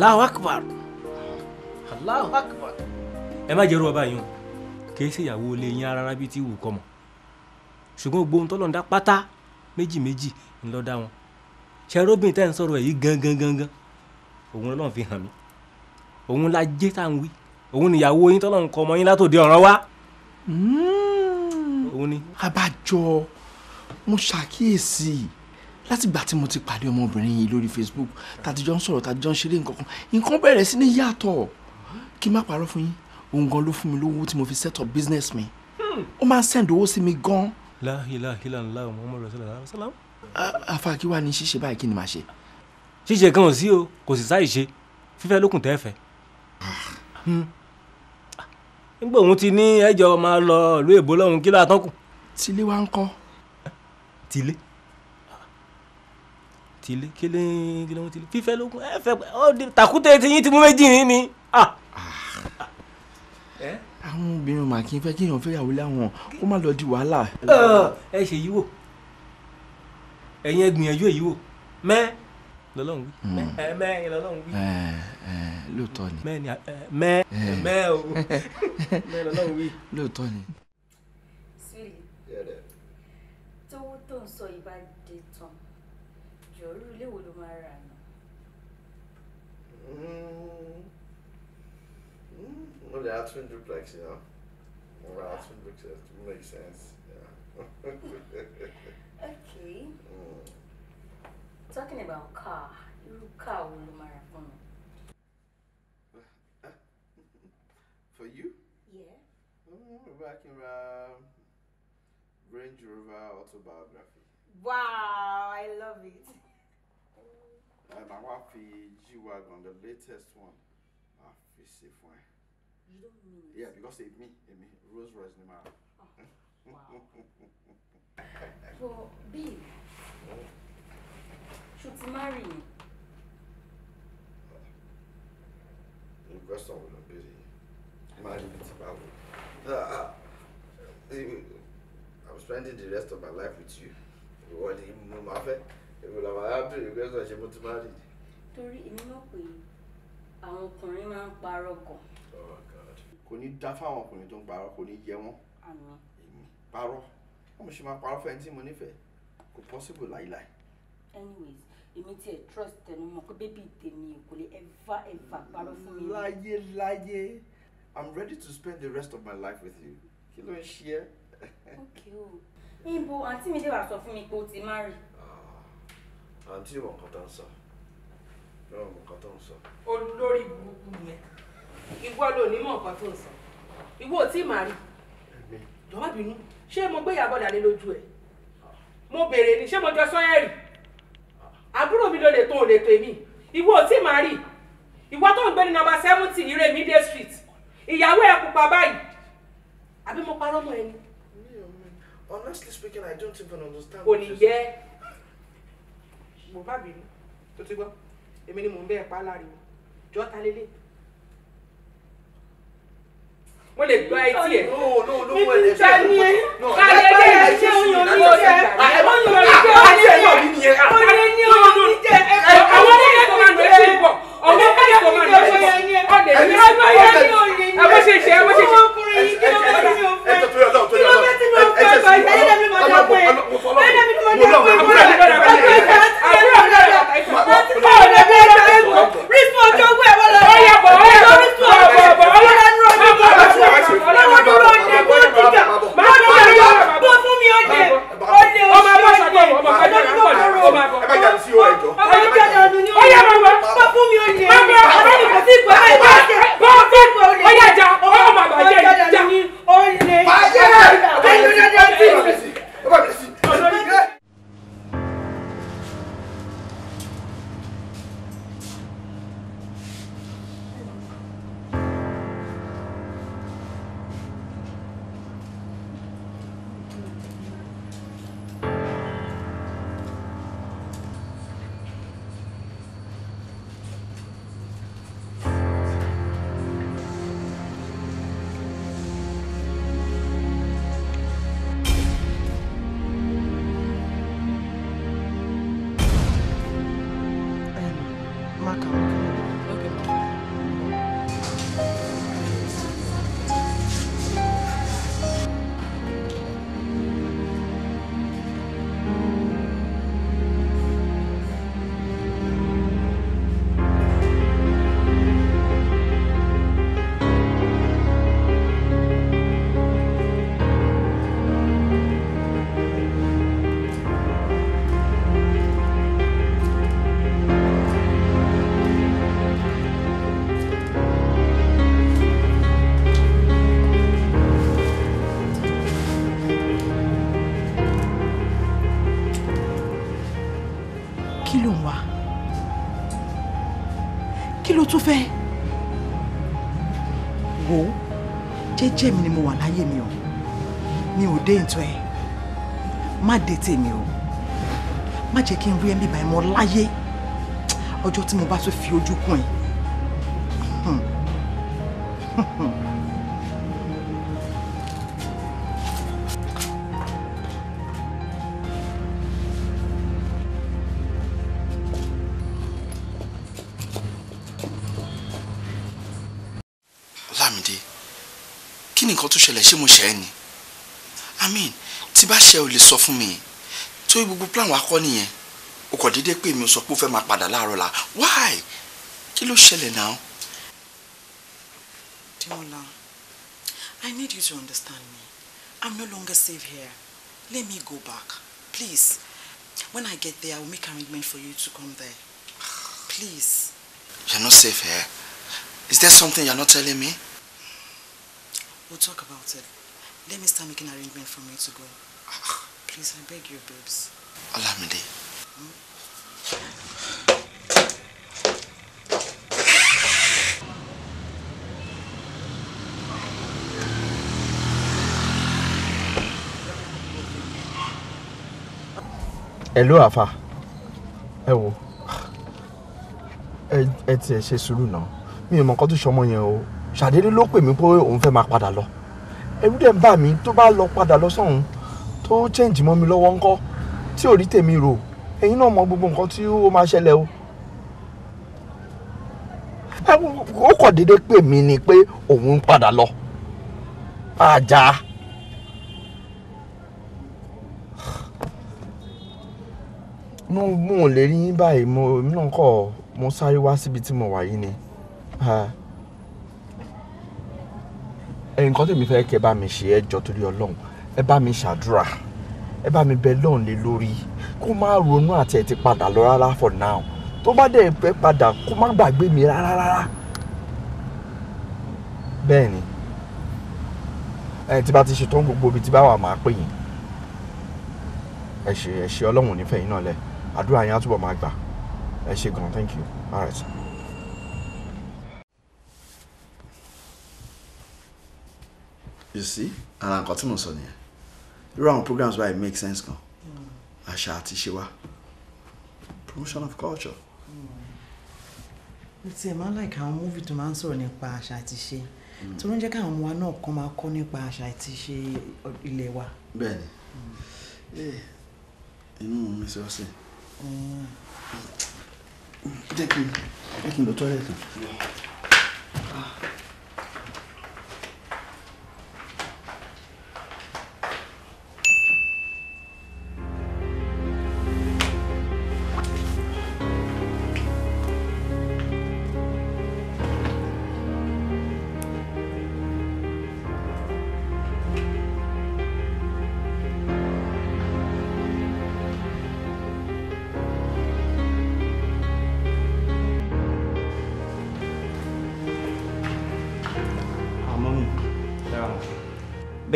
Allahu Akbar Allahu Akbar. ẹ má jẹ́rú ọba yìí o kì í ṣe ilé yín rárá bíi ti wù kọ́ mọ̀ ṣùgbọ́n gbogbo ohun tó lọ́n dá pátá méjì méjì ńlọ dá wọn ṣẹróbìn tẹ́ ń sọ̀rọ̀ èyí gangan gangan òun lọ́n fi hàn mí òun la jẹ́ tá à ń wí òun nìyàwó yín tọ́lọ́ nǹkan ọmọ yín látòdì ọ̀ràn wá. Hmm. òun ni. abájọ mo ṣàkíyèsí. Si láti ìgbà tí mo ti pàdé ọmọbìnrin yìí lórí Facebook tàtijọ́ ń sọ̀rọ̀ tàtijọ́ ń ṣeré nǹkan kan nǹkan bẹ̀rẹ̀ sí ní yàtọ̀ kí n má parọ́ fún yín òun gan ló fún mi lówó tí mo fi set up business mi ó máa ń send owó sí mi gan. la ilaha illallah muhammadu rasulullah salam. afa kí wàá ní ṣíṣe báyìí kí ni màá ṣe. ṣíṣe kan ò sí o kò sì sáì ṣe fífẹ́ lókun tẹ́ fẹ́. Hmm. nígbà òun ti ní ẹjọ́ máa lọ ìlú èbó lọ́hùn kí láà tán tilé wa ń kọ́. tilé tilé kílé kílé wọn tilé fífẹ́ lókun ẹ fẹ́ ọ tàkútẹ ti yín ti mú méjì yín ni. Ah. Eh? àwọn obìnrin mà kí n fẹ́ kí èèyàn fẹ́yàwó láwọn kó má lọ di wàhálà. ẹ ṣe yìí wò ẹ̀yin ẹ gbìyànjú èyí wò mẹ́ lọ́lọ́run wí mẹ́ mẹ́ eh. lọ́lọ́run wí. lóòótọ́ ni mẹ́ mẹ́ mẹ́ o mẹ́ lọ́lọ́run wí. lóòótọ́ ni. sílì tówó tó ń sọ ìbàdàn jọ irú ilé wo ló máa rà nù. ó lè á tún duplex yẹn mo rà á tún duplex to make sense. Yeah. okay. Mm. Talking about car, you car wo ló máa rà For you? Yeah. Mm, I can ride Range Rover Autobiography. Wow, I love it. and àwa fi G-Wagon the latest one a fi ṣe fun. ẹ. you don't mean it. yeah because èmi me, Rolls Royce ni màá. Ah, wow. so babe ṣo ti marry yẹn. irú question wo ló ń béèrè yìí marry mi I'm spending the rest of my life with you. You ni mo máa fẹ́ èmi làwọn arábìnrin rẹ gbẹ́sọ̀ ṣe mo ti má rìdì. torí èmi mọ̀ pé àwọn ọkùnrin máa ń parọ́ gan. Oh kò ní dá fáwọn ọkùnrin tó ń parọ́ kò ní yẹ wọ́n. èmi parọ́ wọ́n mo ṣe máa parọ́ fẹ́ni tí mo nífẹ̀ẹ́ kò possible láíláí. anyways èmi tiẹ̀ trust tẹnu mọ́ pé bébí tèmi kò lè ever ever parọ́ fún mi. láyé láyé i'm ready to spend the rest of my life with you kí ló ń ṣe é. ok o. níbo àǹtí wàá sọ fún mi pé o ti má rí àǹtí ìwọ̀n kan tá sọ ìwọ̀n nǹkan tó sọ. olórí burúkú yẹn ìwọ ló ní mọ̀ nǹkan tó ń sọ ìwọ ò tí ì máa rí jọ̀wọ́ bínú ṣé mo gbé ìyàbọ̀ dání lójú ẹ̀ mo béèrè ni ṣé mo jọ sọ́yẹ́ rì àbúrò mi ló lè tó lè èmi ìwọ ò tí ì máa rí ìwọ tó ń gbé ní nọ́mbà seventy Ìrèmídé street ìyàwó ẹ̀ pupa báyìí àbí mo parọ́ mọ́ ẹni. honestly speaking i don't even understand. kò ní yẹ mo bá bínú tó ti gbọ́ èmi ni mò ń bẹ́ẹ̀ pa láriwo jọ́ ta lélẹ̀ wọ́n lè gba etí ẹ̀. bíbí ta ni ẹ kàlẹ́ ẹ̀ ṣé ó yan ní jẹ́ ó yan ní jẹ́ ó ní jẹ́ ó ní jẹ́ ó ní jẹ́ àwọn ní ẹ̀ kọ́má lọ sí ìbọ̀ ọ̀gá kọ́má lọ sí ìbọ̀ ọ̀dẹ̀ ní ẹ̀ bá yẹ ní òní ní ẹ̀ bó ṣe ṣe ẹ̀ bó ṣe ṣe. Response to where? tún fẹ́ wò ó jẹ́jẹ́ mi ni mo wà láyé mi o mi ò dé ìtọ́ ẹ má dé tèmi o má jẹ́ kí n rí ẹ̀mí báyìí mọ́ láyé ọjọ́ tí mo bá tún fi ojú kún ẹ. nǹkan tó ṣẹlẹ̀ ṣé mo ṣẹ̀ ẹ́ ni i mean tí bá ṣe ò lè sọ fún mi tó yí gbogbo plan wa kọ́ nìyẹn o kò déédéé pé mi ò sọ pé o fẹ́ máa padà láàárọ̀ la why kí ló ṣẹlẹ̀ náà. Demola, I need you to understand me. I'm no longer safe here. Let me go back, please. When I get there, I will make arrangement for you to come there. Please. You're not safe here. Is there something you're not telling me? We'll talk about it. Let me start making arrangement for me to go. Please, I beg you, babes. Olamide. Hmm? Hello, Afa. Ẹ wo. Ẹ ti ẹ ṣe sùúrù náà. Mi ò mọ nǹkan tó ṣọmọ yẹn o ṣàdédé ló pè mí pé òun fẹ́ máa padà lọ ẹ̀rù dẹ̀ ń bà mí tó bá lọ padà lọ sọ́hún tó chẹ́ǹjì mọ́ mi lọ́wọ́ ńkọ́ tí ò rí tèmi rò ẹ̀yin náà mọ gbogbo nǹkan tí ó máa ṣẹlẹ̀ o ó kọ̀ déédé pè mí ni pé òun padà lọ ajá. inú mò ń lè rí yín báyìí mo náà kọ̀ mo sáré wá síbi tí mo wà yìí ni nǹkan tèmi fẹ́ kẹ́ bá mi ṣe ẹ jọ torí ọlọ́run ẹ bá mi ṣàdúrà ẹ bá mi bẹ lọ́run lé lórí kó má ronú àti ẹ̀ ti padà lọ rárá for now tó bá dẹ̀ pẹ́ padà kó má gbàgbé mi rárá rárá bẹ́ẹ̀ ni ẹ tí bá ti ṣetán gbogbo ibi tí bá wà máa pè yín ẹ ṣe ẹ ṣe ọlọ́run nífẹ̀ẹ́ yín náà lẹ àdúrà yín á túbọ̀ máa gbà ẹ ṣe gan thank you all right. you see ara nǹkan tí mo sọ nìyẹn irú àwọn programs báyìí make sense kan àṣà àti ṣe wa promotion of culture. mo tiẹ̀ máa ń like àwọn múfì tó máa ń sọ̀rọ̀ nípa àṣà àti ṣe tó ló ń jẹ́ káwọn ọmọ wa náà kọ́ máa kọ́ nípa àṣà àti ṣe ilé wa. bẹ́ẹ̀ni eh, inú mi sọ sí hmm. jẹ́ kí n lọ tọ́lẹ̀tì.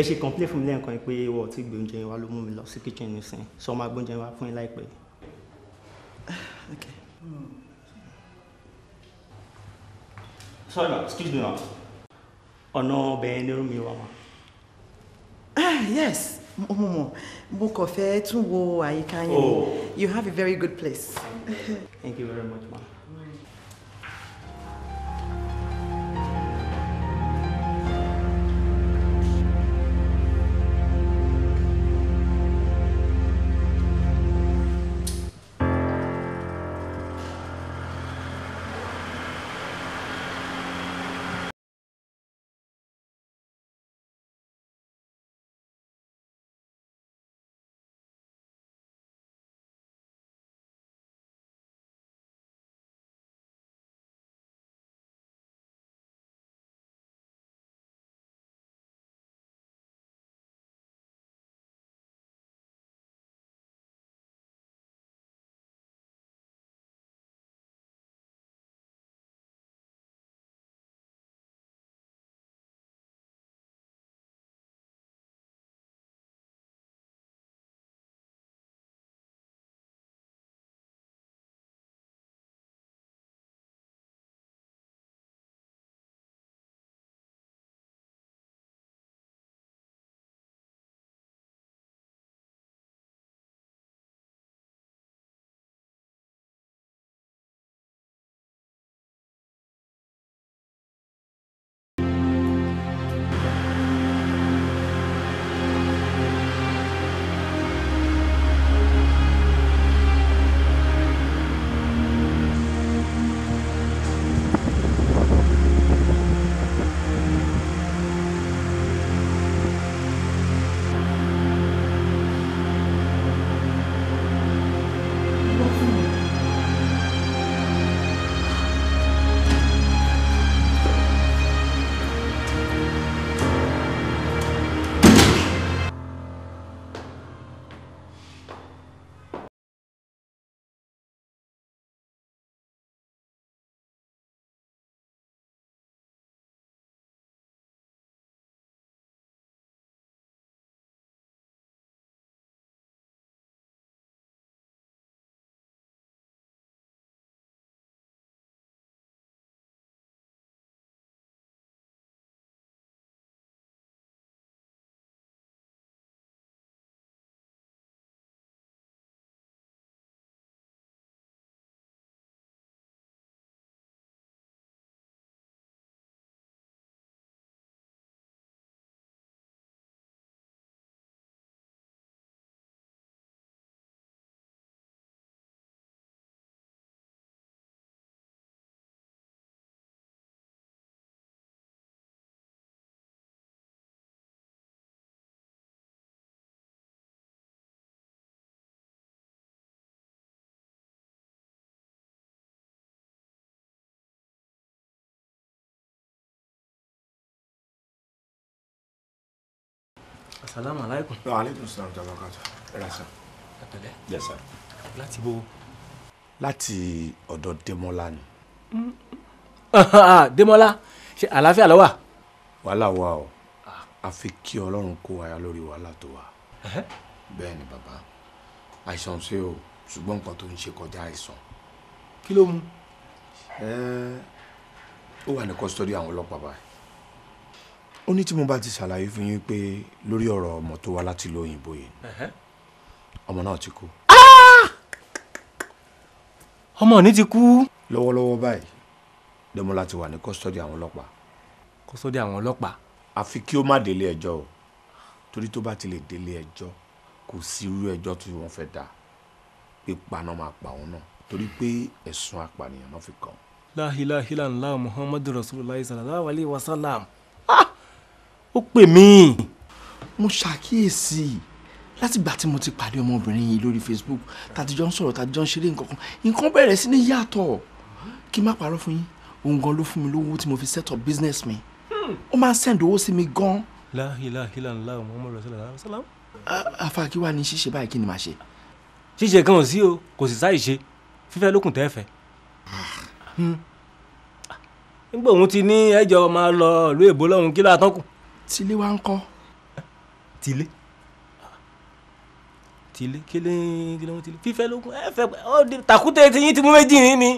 ṣe complain fún mi lẹ́ẹ̀kan pé wọ́n ò gbé oúnjẹ yẹn wá ló mú mi lọ sí kitchen nísìn sọ ma gbóúnjẹ yẹn wá fún yín láìpẹ́. sorry ma excuse me ma ọ̀nà ọbẹ̀ yẹn ní orí mi wà ma. ah yes mo mọ mo kàn fẹ́ tún wo àyíká yẹn oh. you have a very good place. thank you very much ma. asalaamu alaykum. wa aleykum salaam wa rahmatulah ẹ̀rọ sàn. àtẹlẹ. yes sir. láti bo. láti ọ̀dọ̀ Démọ́lá ni. Ah, Démọ́lá ṣe àlàáfíà ló wàhálà wà o àfi ah. kí ọlọ́run kó aya lórí wàhálà tó wà. bẹ́ẹ̀ ni bàbá àìsàn ṣe o ṣùgbọ́n nǹkan tó ń ṣe kọjá àìsàn. kí ló mú. ó wà ní kọ́sítọ́dì àwọn ọlọ́pàá báyìí ó ní tí mo bá ti ṣàlàyé fún yín pé lórí ọ̀rọ̀ ọmọ tó wá láti ìlú òyìnbó yìí ọmọ náà ti kú. Ah! ọmọ ní ti kú. lọ́wọ́lọ́wọ́ báyìí Dẹ́mọ́lá ti wà ní kọ́sítọ́dì àwọn ọlọ́pàá. kọ́sítọ́dì àwọn ọlọ́pàá. àfi kí ó má délé ẹjọ́ o torí tó bá ti lè délé ẹjọ́ kò sí irú ẹjọ́ tí wọ́n fẹ́ dá pípa náà máa pa òun náà torí pé ẹ̀sùn apànìyàn náà fi kàn. la ilaha muhammadu rasulullah sallallahu alayhi wa sallam ó pè mí mo ṣàkíyèsí látìgbà tí mo ti pàdé ọmọbìnrin yìí lórí Facebook tàtijọ́ ń sọ̀rọ̀ tàtijọ́ ń ṣeré nǹkan kan nǹkan bẹ̀rẹ̀ sí ní yàtọ̀ kí n má parọ́ fún yín òun gan ló fún mi lówó tí mo fi set up business mi ó máa ń send owó sí mi gan. láhìláhìlá ńlá Muhammad rasulillah salam. afa kí wàá ní ṣíṣe báyìí kí ni màá ṣe. ṣíṣe kan ò sí o kò sì sáì ṣe fífẹ́ lókun tẹ́ fẹ́. Hmm. nígbà òun ti ní ẹjọ́ máa lọ ìlú èbó lọ́hùn kí láàtọ́kùn tilé wa ń kọ́. tilé tilé kílé kílé wọn tilé fífẹ́ lókun ẹ fẹ́ ọ tàkútẹ́ ti yín ti mú méjì yín ni.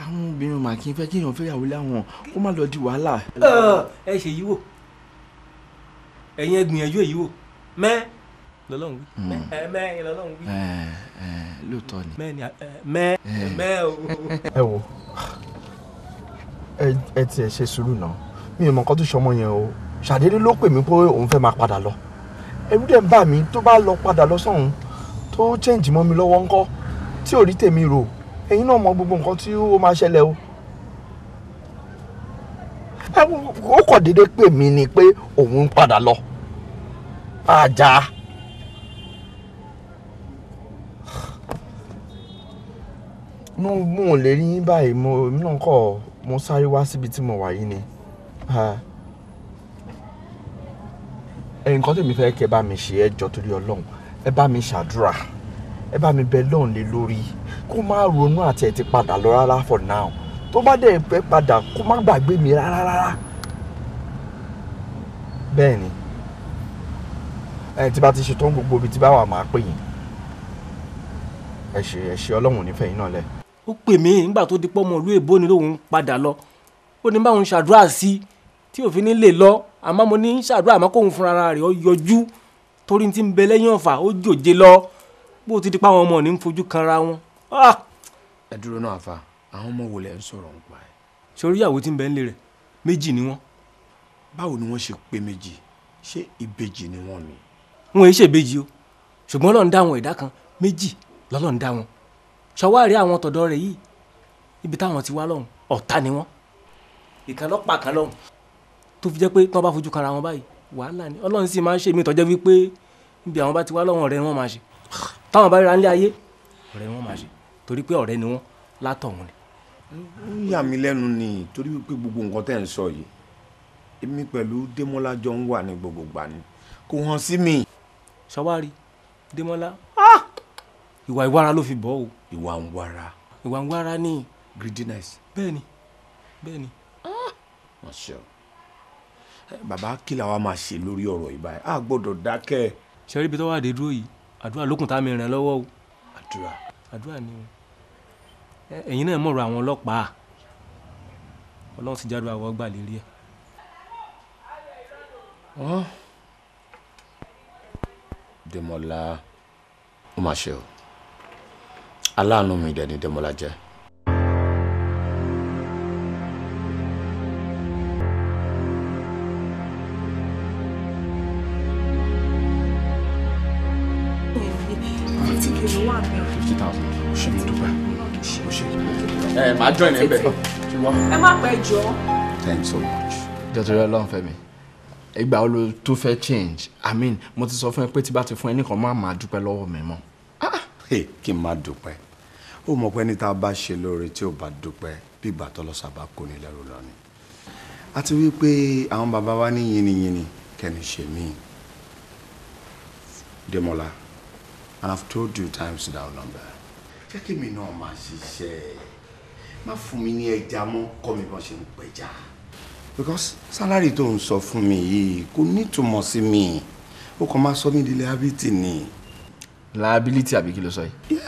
àwọn obìnrin mà kí n fẹ́ kí èèyàn fẹ́yàwó láwọn kó má lọ di wàhálà. ẹ ṣe yíwò ẹ̀yin ẹ gbìyànjú èyí wò mẹ́ lọ́lọ́run wí hmm. mẹ́ mẹ́ lọ́lọ́run wí. lóòótọ́ ni mẹ́ ni mẹ́ mẹ́ o. ẹ wo ẹ tiẹ̀ ṣe sùúrù náà mi ò mọ nǹkan tó ṣọmọ yẹn o ṣàdédé ló pè mí pé òun fẹ́ máa padà lọ ẹ̀rù dẹ̀ ń bà mí tó bá lọ padà lọ sọ́hun tó chẹ́ǹjì mọ́ mi lọ́wọ́ ńkọ́ tí ò rí tèmi rò ẹ̀yin náà mọ gbogbo nǹkan tí ó máa ṣẹlẹ̀ o ó kọ̀ déédé pè mí ni pé òun ń padà lọ ajá. inú mò ń lè rí báyìí mo náà kọ̀ ọ́ mo sáré wá síbi tí mo wà yìí ni nǹkan tèmi fẹ́ kẹ́ bá mi ṣe ẹ jọ̀ọ́ torí Ọlọ́run ẹ bá mi ṣàdúrà ẹ bá mi bẹ lọ́run lé lórí kó má ronú àti ẹ̀ ti padà lọ rárá for now tó bá dẹ̀ fẹ́ padà kó má gbàgbé mi rárá rárá bẹ́ẹ̀ ni ẹ tí bá ti ṣetán gbogbo ibi tí bá wà máa pè yín ẹ ṣe ẹ ṣe Ọlọ́run nífẹ̀ẹ́ yín náà lẹ́ẹ̀ ó pè mí nígbà tó di pọ́mọ ìlú èbó ni lòun padà lọ ó ní báwọn ṣàdúrà sí tí òfin ní lè lọ àmọ́ mo ní ṣàdúrà àmọ́ kóun fúnra rẹ̀ ó yọjú torí ti ń bẹ lẹ́yìn ọ̀fà ó jòjé lọ bó ti di páwọn ọmọ ní ń fojú kanra wọn. Ah! ẹ dúró náà àfa àwọn ọmọ wo lẹ ń sọ̀rọ̀ nípa ẹ̀. sórí ìyàwó tí ń bẹ ń lé rẹ̀ méjì ni wọ́n. báwo ni wọ́n ṣe pé méjì ṣé ìbejì ni wọ́n ni. wọn ò ṣèbejì o ṣùgbọ́n Ọlọ́run dá wọn ẹ̀dá kan méjì lọ́lọ́run dá wọn ṣọwárí àwọn tọ̀dọ̀ rẹ̀ yìí ibi táwọn ti wá lọ́hùn ọ̀tá ni wọ́n ìkànnọ́pàá kan lọ́hùn tó fi jẹ́ pé tí wọ́n bá fojú kara wọn báyìí wàhálà ni ọlọ́run sì máa ń ṣe mí tọ́jọ́ wípé níbi àwọn bá ti wá lọ́wọ́ ọ̀rẹ́ wọn máa ṣe táwọn bá rí ránlé ayé ọ̀rẹ́ wọn máa ṣe torí pé ọ̀rẹ́ ni wọ́n látọ̀hún ni. ó yà mí lẹ́nu ni torí pé gbogbo nǹkan tẹ́ ń sọ yìí èmi pẹ̀lú Démọ́lá jọ ń wà ní gbogbo gbà ni kò hàn sí mi. sọwárí Démọ́lá ah! ìwà ìwára ló fi bọ́ o ìwà ń wára. ìwà ń wára ni. greediness. bẹ́ẹ̀ni bẹ́ẹ̀ni. Ah! wọ́n ṣe o bàbá kí la wa máa ṣe lórí ọ̀rọ̀ yìí báyìí a gbọ́dọ̀ dákẹ́. ṣẹ́rí ibi tó wà dé dúró yìí àdúrà lókun tá a mi ràn lọ́wọ́ o. àdúrà. àdúrà ni o ẹ̀yin náà mọ̀rọ̀ àwọn ọlọ́pàá ọlọ́run ti jáde àwọn ọgbà lérí ẹ̀. Dèmọ́lá ó máa ṣe o aláàánú mi dẹ̀ ni Dẹ́mọ́lá jẹ́. fifty thousand ṣe mo dúpẹ́ o ṣe. ẹ máa join ẹ bẹ. ẹ má pẹ́ jọ. so much. jọtọrọ Ọlọ́run Fẹ́mi ìgbà wo lo tó fẹ́ change i mean mo ti sọ fún ẹ pé tí bá ti fún ẹ nìkan má máa dúpẹ́ lọ́wọ́ mi mọ́. Ah, kí n má dúpẹ́ ó mọ̀ pé ní tá a bá ṣe lóore tí ò bá dúpẹ́ bí ìgbà tọ́lọ́sà bá kó ní lẹ́rù lọ ni àti wípé àwọn bàbá wa ní yìnyínyìnyín kẹ́ni ṣe míì Demola I have told you times without number jẹ́ kí mi náà máa ṣiṣẹ́ má fún mi ní ẹja mọ́ kọ́ mi bọ́n ṣe ń pẹja because salary tó ń sọ fún mi yìí kò nítumọ̀ sí mi ó kàn máa sọ mí di liability ni liability àbí kí ló sọ yìí.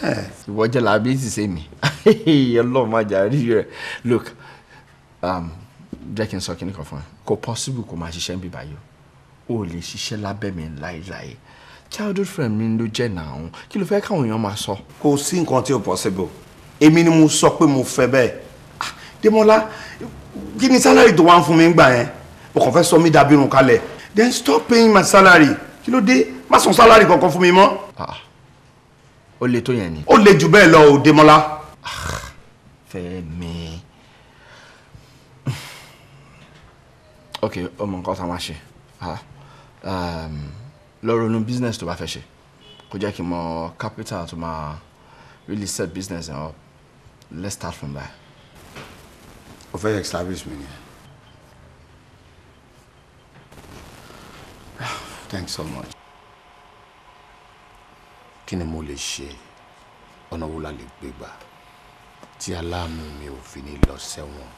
ìwọ jẹ́ liability sí mi ọlọ́run má jà rí rẹ̀ look um, jẹ́ kí n sọ kíní kan fún ẹ kò possible kò máa ṣiṣẹ́ ń bíbá yìí o ò lè ṣiṣẹ́ lábẹ́ mi láéláé childhood friend mi ló jẹ́ nàá kí ló fẹ́ káwọn èèyàn máa sọ. kò sí nǹkan tí ò possible èmi ni mo sọ pé mo fẹ́ bẹ́ẹ̀ ah, Démọ́lá kí ni salary tó wá ń fún mi gbà yẹn o kàn fẹ́ sọ mí dàbí irun kalẹ̀ then stop paying my salary kí ló dé má san salary kankan fún mi mọ́. Ah, ó le tó yẹn ni. ó le jù bẹ́ẹ̀ lọ o Démọ́lá. Fẹ́mi. ok ọmọ nǹkan tá a máa ṣe um, lọ ronú business tó bá fẹ́ ṣe kó jẹ́ kí n mọ capital tó máa really set business up let's start from there. o fẹ́ establish mi ni. Thanks so much kí ni mo lè ṣe ọ̀nà wo la lè gbégbà tí aláàánú mi ò fi ní lọ sẹ́wọ̀n.